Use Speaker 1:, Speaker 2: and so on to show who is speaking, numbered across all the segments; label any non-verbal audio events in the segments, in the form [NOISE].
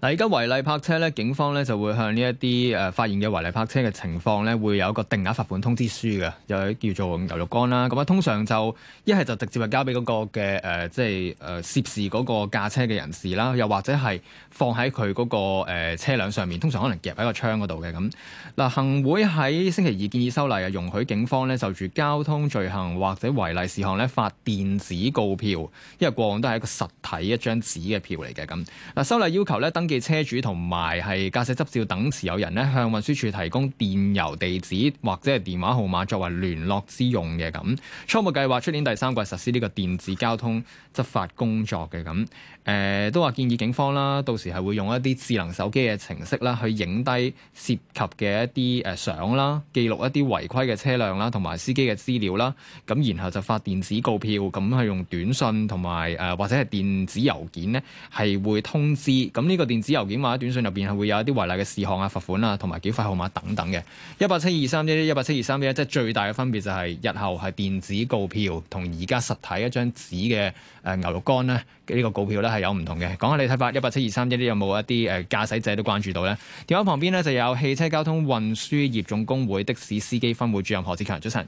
Speaker 1: 嗱，而家違例泊車咧，警方咧就會向呢一啲誒發現嘅違例泊車嘅情況咧，會有一個定額罰款通知書嘅，又叫做牛肉乾啦。咁啊，通常就一係就直接啊交俾嗰、嗰個嘅誒、呃，即係誒涉事嗰個駕車嘅人士啦，又或者係放喺佢嗰個誒車輛上面，通常可能夾喺個窗嗰度嘅咁。嗱，行會喺星期二建議修例啊，容許警方咧就住交通罪行或者違例事項咧發電子告票，因為過往都係一個實體的一張紙嘅票嚟嘅咁。嗱，修例要求咧登。嘅車主同埋係駕駛執照等持有人咧，向運輸署提供電郵地址或者係電話號碼作為聯絡之用嘅咁。初步計劃出年第三季實施呢個電子交通執法工作嘅咁。誒都話建議警方啦，到時係會用一啲智能手機嘅程式啦，去影低涉及嘅一啲誒相啦，記錄一啲違規嘅車輛啦同埋司機嘅資料啦。咁然後就發電子告票，咁係用短信同埋誒或者係電子郵件咧，係會通知。咁呢個電。電子郵件或者短信入邊係會有一啲違例嘅事項啊、罰款啊，同埋繳費號碼等等嘅。一八七二三一一八七二三一，即係最大嘅分別就係日後係電子告票同而家實體一張紙嘅誒牛肉乾咧呢個告票呢係有唔同嘅。講下你睇法，一八七二三一，啲有冇一啲誒駕駛者都關注到呢？電話旁邊呢就有汽車交通運輸業總工會的士司機分會主任何志強。早晨，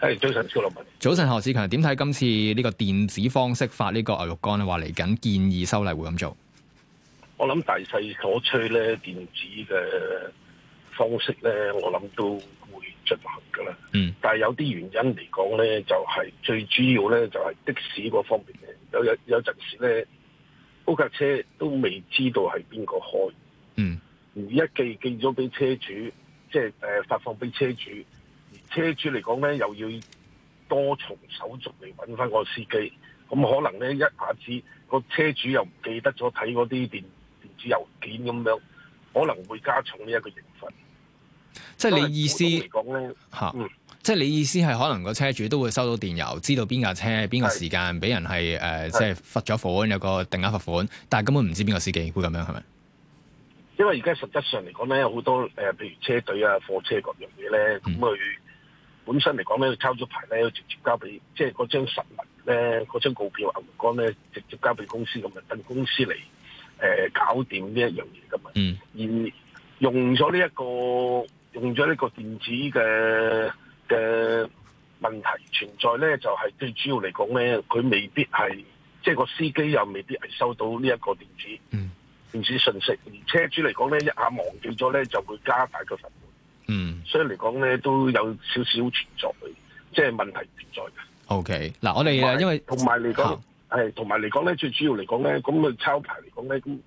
Speaker 2: 係早，
Speaker 1: 早，早晨，何志強點睇今次呢個電子方式發呢個牛肉乾咧？話嚟緊建議修例會咁做。
Speaker 2: 我諗大勢所趨咧，電子嘅方式咧，我諗都會進行噶啦。嗯，但係有啲原因嚟講咧，就係、是、最主要咧，就係的士嗰方面嘅。有有有陣時咧，架車都未知道係邊個開。嗯，而一記記咗俾車主，即係誒發放俾車主，而車主嚟講咧，又要多重手續嚟搵翻個司機。咁可能咧，一下子個車主又唔記得咗睇嗰啲電郵件咁樣可能會加重呢一個刑罰，
Speaker 1: 即係你意思嚟講咧吓，即係你意思係可能個車主都會收到電郵，知道邊架車、邊個時間俾人係誒是、呃，即係罰咗款，有個定額罰款，但係根本唔知邊個司機會咁樣，係咪？
Speaker 2: 因為而家實質上嚟講咧，有好多誒，譬、呃、如車隊啊、貨車各樣嘢咧，咁佢、嗯、本身嚟講咧，佢抄咗牌咧，直接交俾即係嗰張實物咧，嗰張告票牛欄咧，直接交俾公司咁啊，等公司嚟。誒，搞掂呢一樣嘢噶嘛？嗯、而用咗呢一個，用咗呢個電子嘅嘅問題存在咧，就係、是、最主要嚟講咧，佢未必係，即係個司機又未必係收到呢一個電子、嗯、電子訊息，而車主嚟講咧，一下忘記咗咧，就會加大個罰款。
Speaker 1: 嗯，
Speaker 2: 所以嚟講咧，都有少少存在，即係問題存在嘅。
Speaker 1: O K，嗱，我哋啊，因為同埋嚟講。
Speaker 2: 係，同埋嚟講咧，最主要嚟講咧，咁佢抄牌嚟講咧，咁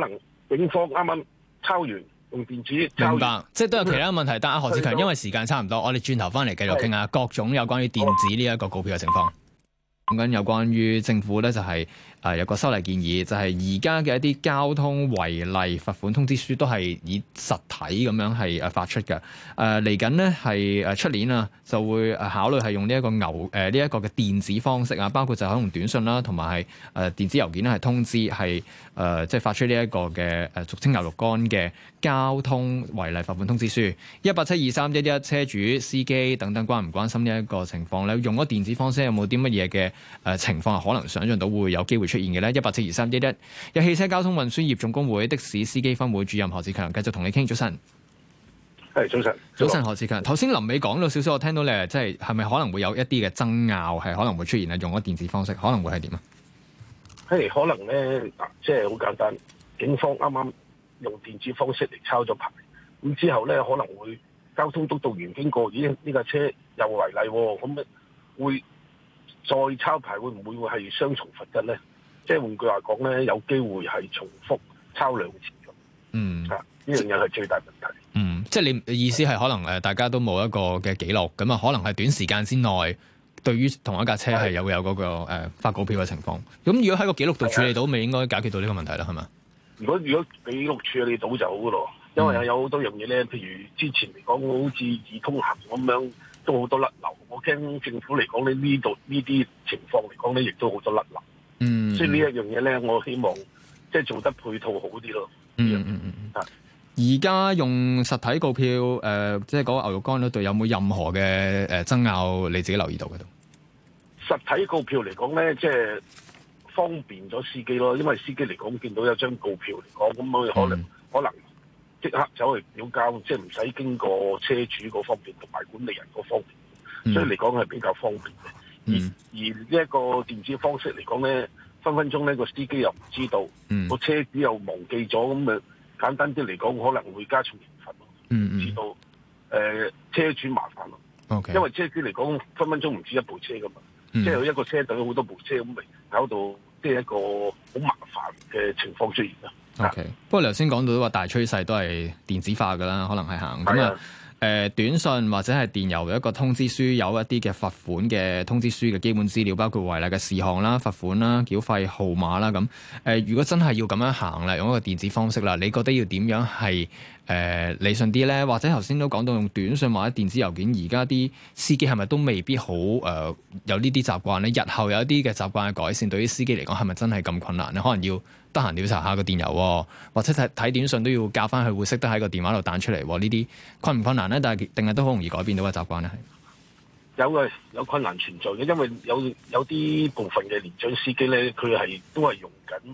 Speaker 2: 可能警方啱啱抄完用電子，明白，即係都有其
Speaker 1: 他問題。嗯、但係何志強，的因為時間差唔多，我哋轉頭翻嚟繼續傾下各種有關於電子呢一個告票嘅情況。的講緊有關於政府咧，就係誒有個修例建議，就係而家嘅一啲交通違例罰款通知書都係以實體咁樣係誒發出嘅。誒嚟緊呢，係誒出年啊，就會誒考慮係用呢一個牛誒呢一個嘅電子方式啊，包括就可能短信啦，同埋係誒電子郵件咧，係通知係誒即係發出呢一個嘅誒俗稱牛肉乾嘅交通違例罰款通知書。一八七二三一一車主司機等等關唔關心呢一個情況咧？用咗電子方式有冇啲乜嘢嘅？誒、呃，情況可能想象到會有機會出現嘅呢，一八七二三一一。1，有汽車交通運輸業總工會的士司機分會主任何志強繼續同你傾，早晨，
Speaker 2: 係早，早，
Speaker 1: 早晨，早晨，何志強。頭先林尾講到少少，我聽到你係即係，係咪可能會有一啲嘅爭拗係可能會出現咧？用咗電子方式，可能會係點啊？
Speaker 2: 誒，可能咧，即係好簡單，警方啱啱用電子方式嚟抄咗牌，咁之後呢，可能會交通督導員經過，咦，呢架車又違例，咁、嗯、會。再抄牌會唔會會係雙重罰嘅咧？即係換句話講咧，有機會係重複抄兩次。嗯，啊，呢樣嘢係最大問題。
Speaker 1: 嗯，即係你意思係可能誒，大家都冇一個嘅記錄，咁啊的，可能係短時間之內，對於同一架車係有有個誒發告票嘅情況。咁如果喺個記錄度處理到，咪的應該解決到呢個問題啦，係嘛？
Speaker 2: 如果如果記錄處理到就好噶咯，因為有好多樣嘢咧，嗯、譬如之前嚟講，好似易通行咁樣。都好多甩流，我驚政府嚟講咧，呢度呢啲情況嚟講咧，亦都好多甩流。嗯，所以這東西呢一樣嘢咧，我希望即係做得配套好啲咯、嗯。嗯嗯嗯嗯。
Speaker 1: 而家是用實體告票，誒、呃，即係講牛肉乾嗰度有冇任何嘅誒爭拗？你自己留意到嘅都？
Speaker 2: 實體告票嚟講咧，即係方便咗司機咯，因為司機嚟講見到有張告票嚟講，咁可可能。嗯可能即刻走去繳交，即係唔使經過車主嗰方面同埋管理人嗰方面，所以嚟講係比較方便嘅。而而呢一個電子方式嚟講咧，分分鐘咧個司機又唔知道，個車主又忘記咗，咁咪簡單啲嚟講可能會加重刑罰咯。唔知道誒車主麻煩咯，Okay. 因為車主嚟講分分鐘唔止一部車㗎嘛，即係有、嗯、一個車隊好多部車咁咪搞到即係一個好麻煩嘅情況出現啦。
Speaker 1: O、okay, K，不過頭先講到都話大趨勢都係電子化嘅啦，可能係行咁啊。誒的、呃，短信或者係電郵的一個通知書，有一啲嘅罰款嘅通知書嘅基本資料，包括違例嘅事項啦、罰款啦、繳費號碼啦咁。誒、呃，如果真係要咁樣行啦，用一個電子方式啦，你覺得要點樣係？誒、呃、理性啲咧，或者頭先都講到用短信或者電子郵件，而家啲司機係咪都未必好、呃、有習慣呢啲習慣咧？日後有一啲嘅習慣嘅改善，對於司機嚟講係咪真係咁困難咧？可能要得閒調查下個電郵、哦，或者睇短信都要教翻佢會識得喺個電話度彈出嚟、哦，呢啲困唔困難咧？但係定係都好容易改變到個習慣咧，有嘅，
Speaker 2: 有困難存在嘅，因為有有啲部分嘅年長司機咧，佢係都係用緊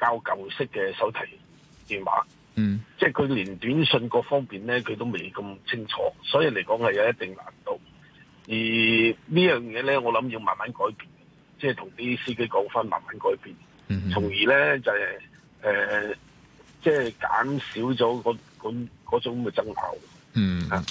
Speaker 2: 較舊式嘅手提電話。嗯，即係佢連短信各方面咧，佢都未咁清楚，所以嚟講係有一定難度。而呢樣嘢咧，我諗要慢慢改變，即係同啲司機講翻，慢慢改變，從而咧就係、是、誒，即係減少咗個嗰嗰種嘅爭拗。嗯。嗯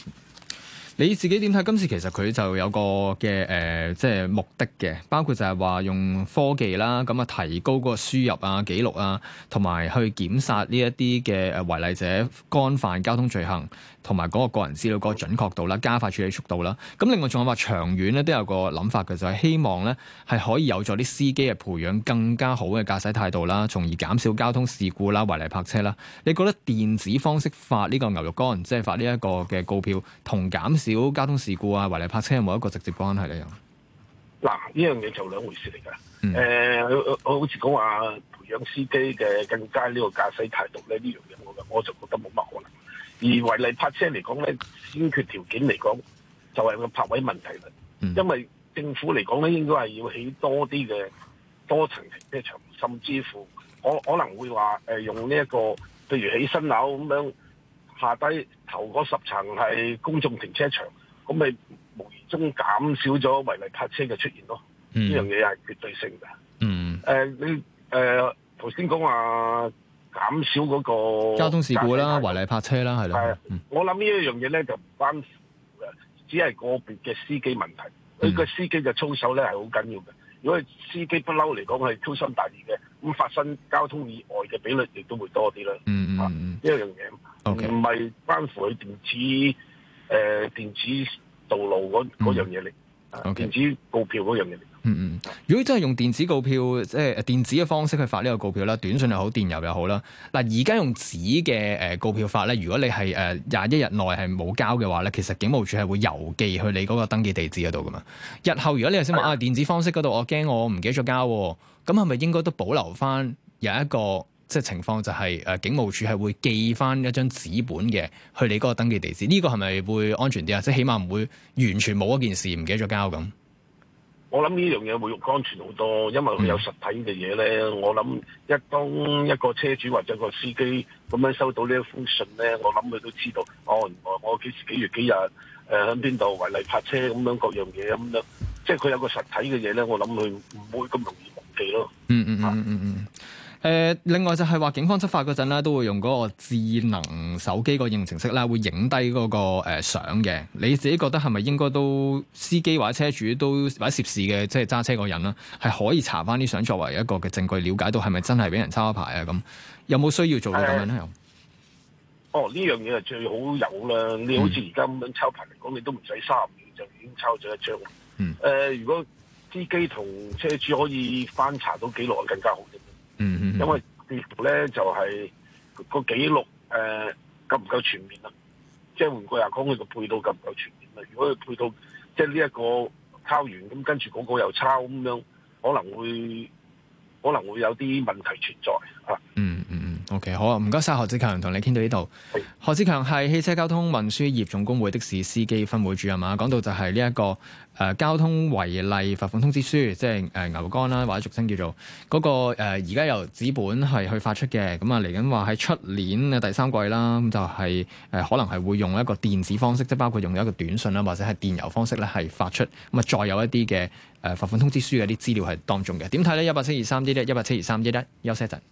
Speaker 1: 你自己點睇？今次其實佢就有個嘅誒、呃，即係目的嘅，包括就係話用科技啦，咁啊提高嗰個輸入啊記錄啊，同埋去檢察呢一啲嘅誒違例者干犯交通罪行，同埋嗰個個人資料嗰個準確度啦，加快處理速度啦。咁另外仲有話長遠咧都有一個諗法嘅，就係希望咧係可以有助啲司機啊培養更加好嘅駕駛態度啦，從而減少交通事故啦、違例泊車啦。你覺得電子方式發呢個牛肉乾，即係發呢一個嘅告票，同減少？少交通事故啊，違例泊車有冇一個直接關係咧？又
Speaker 2: 嗱，呢樣嘢就兩回事嚟噶。誒、嗯、我、呃、好似講話培養司機嘅更加呢個駕駛態度咧，呢樣嘢我我就覺得冇乜可能。而違例泊車嚟講咧，先決條件嚟講就係、是、個泊位問題啦。嗯、因為政府嚟講咧，應該係要起多啲嘅多層停車場，甚至乎我可能會話誒、呃，用呢、這、一個，譬如起新樓咁樣。下低頭嗰十層係公眾停車場，咁咪無意中減少咗違例泊車嘅出現咯。呢、嗯、樣嘢係絕對性嘅。嗯。誒、呃，你誒頭先講話減少嗰、那個交通事故啦、
Speaker 1: 違例是泊車啦，的嗯、係咯。
Speaker 2: 我諗呢一樣嘢咧，就唔關只係個別嘅司機問題。佢個、嗯、司機嘅操守咧係好緊要嘅。如果係司機不嬲嚟講係粗心大意嘅，咁發生交通意外嘅比率亦都會多啲啦。嗯、啊、嗯呢一樣嘢。唔係 Okay. 關乎佢電子、呃、電子道路嗰、嗯、樣嘢嚟，Okay. 電子告票嗰樣嘢嚟。
Speaker 1: 嗯嗯，如果真係用電子告票，即係電子嘅方式去發呢個告票啦，短信又好，電郵又好啦。嗱，而家用紙嘅誒、呃、告票法咧，如果你係誒廿一日內係冇交嘅話咧，其實警務處係會郵寄去你嗰個登記地址嗰度噶嘛。日後如果你又想話啊，電子方式嗰度，我驚我唔記得咗交、啊，咁係咪應該都保留翻有一個？即係情況就係、是、誒，警務處係會寄翻一張紙本嘅去你嗰個登記地址。呢、這個係咪會安全啲啊？即係起碼唔會完全冇一件事唔記得咗交咁。
Speaker 2: 我諗呢樣嘢會安全好多，因為佢有實體嘅嘢咧。嗯、我諗一當一個車主或者個司機咁樣收到呢一封信咧，我諗佢都知道。哦，我幾時幾月幾日誒喺邊度違例泊車咁樣各樣嘢咁樣。即係佢有個實體嘅嘢咧，我諗佢唔會咁容易忘記咯、嗯啊嗯。嗯嗯
Speaker 1: 嗯嗯嗯。誒、呃，另外就係話警方執法嗰陣咧，都會用嗰個智能手機個應用程式啦，會影低嗰個、呃、相嘅。你自己覺得係咪應該都司機或者車主都或者涉事嘅即係揸車嗰人啦，係可以查翻啲相作為一個嘅證據，了解到係咪真係俾人抄牌啊？咁有冇需要做到咁樣咧？哦，
Speaker 2: 呢樣嘢係最好有啦。你好似而家咁樣抄牌嚟講，嗯、你都唔使三五年就已經抄咗一張。嗯、呃。如果司機同車主可以翻查到幾耐更加好。嗯，嗯， [MUSIC] 因為咧就係個記錄誒，夠唔夠全面啊？即係換句話講，佢個配套夠唔夠全面啊？如果佢配套即係呢一個抄完，咁跟住嗰個又抄咁樣，可能會可能會有啲問題存在啊。嗯嗯。
Speaker 1: [MUSIC] OK，好啊，唔該晒何志強跟，同你傾到呢度。何志強係汽車交通運輸業總工會的士司機分會主任啊。講到就係呢一個誒、呃、交通違例罰款通知書，即係誒、呃、牛肝啦，或者俗稱叫做嗰、那個誒而家由紙本係去發出嘅。咁啊嚟緊話喺出年嘅第三季啦，咁就係、是、誒、呃、可能係會用一個電子方式，即係包括用一個短訊,啦，或者係電郵方式咧係發出。咁啊再有一啲嘅誒罰款通知書嘅啲資料係當中嘅。點睇咧？一八七二三一一一八七二三一一，休息一陣。